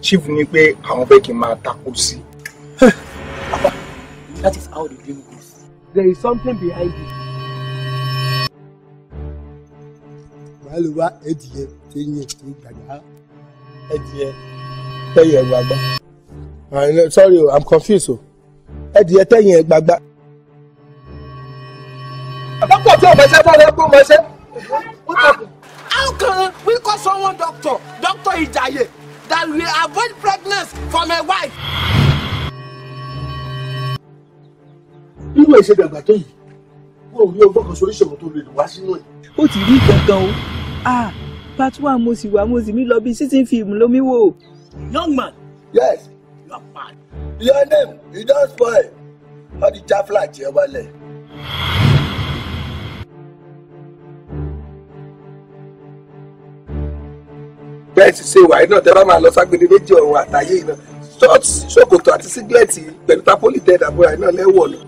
chief ní pé àwọn fẹ́ kí n máa takò that is how the dream goes. there is something behind it. wàá lè wá ẹdìyẹ tó yẹ tó gbàgbá ẹdìyẹ tẹyẹ gbàgbá. sorry i'm confused o ẹdìyẹ tẹyẹ gbàgbá. àbápọ̀ tí o mọ̀ ṣe fọ́ọ̀rọ̀ ẹgbẹ́ o mọ̀ ṣe. will avoid pregnancy for my wife. nínú ìṣe dàgbà tó yìí wọn ò ní ọgbọ́n kan sórí ìṣòro tó lè lù wá sínú ẹ̀. ó ti rí kankan o ah, part one mo sì wá mo sì mi lọ bí sísìn fíìmù lómi wò. young man. yes. young man. your name you don spoil. How the já fúlàjì ẹ láì ṣe ìwà iná tẹ́ máa lọ ságbede méjì ọ̀run àtàyè iná ṣọ́ọ̀tì ṣòkòtò àti sígílẹ̀tì pẹ̀lú tapoli tẹ́ dàbúrà iná lẹ́wọ̀ lọ.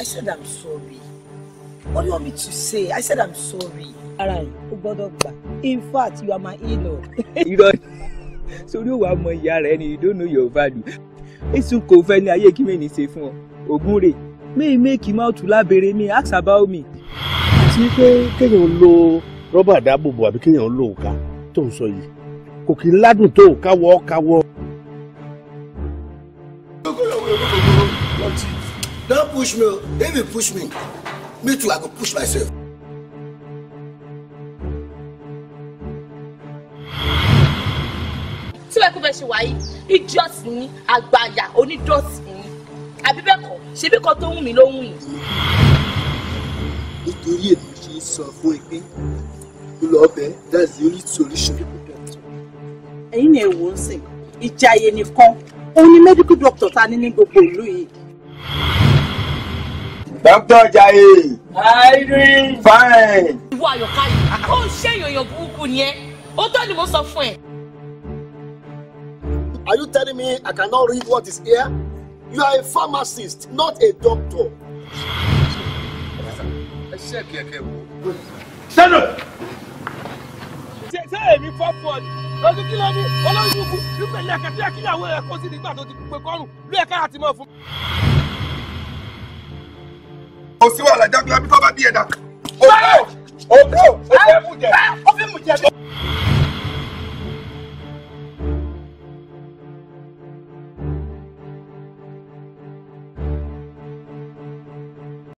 I said I'm sorry. What do you want me to say? I said I'm sorry. Ara ẹ̀ o gbọ́dọ̀ gbà. In fact, you are my in-law. Irọ́ sórí òwò àmọ́ ìyá rẹ̀ ni you don't know your value. Èsùn kò fẹ́ ní ayé kí mi ní ṣe fún ọ. Ògún rè may make him out to lábẹ́rẹ́ me. ask about me. Àti pé kéèyàn lo rọ́bà dáàbòbò àbí kéèyàn lò ó ká tó ń sọ yìí kò kì í ládùn tó káwọ́ káwọ́. Don't push me. If you push me, me too, I go push myself. Tí wẹ́n kú bẹ́ẹ̀ ṣe wáyé, ìjọ́sìn ni àgbàyà onídọ́sìn ni. Àbí bẹ́ẹ̀ kọ́, ṣebí kan tó ń wù mí ló ń wù yìí. Nítorí èmi ṣe sọ fún ẹ pé lọ that's the only solution. ẹ̀yin ni èwo ń sìn ìjàyè nìkan ó ní medical doctor ta ni ní gbogbo ìlú yìí. dókítà Jaiye. àìrí. fine. ìwọ àyọkà yìí ó ń ṣe èèyàn burúkú ni ẹ ó tọ́ ni mo sọ fún ẹ. Are you telling me I cannot read what is here? You are a pharmacist, not a doctor. ẹ ṣe kí wo sẹ́nu. ṣé èmi fọ́ fún ọ ni lọ́sùn kí ló ní olóyún ikú nígbà ilé ẹ̀kẹ́ tí akíyàwó rẹ̀ kó sí nígbà tó ti pè kọ́rùn ló ẹ̀ka àti mọ̀ fún. kò sí wàhálà jágbe abí tó bá bí ẹ̀dá. òkú òkú òkú ẹ̀fù jẹ.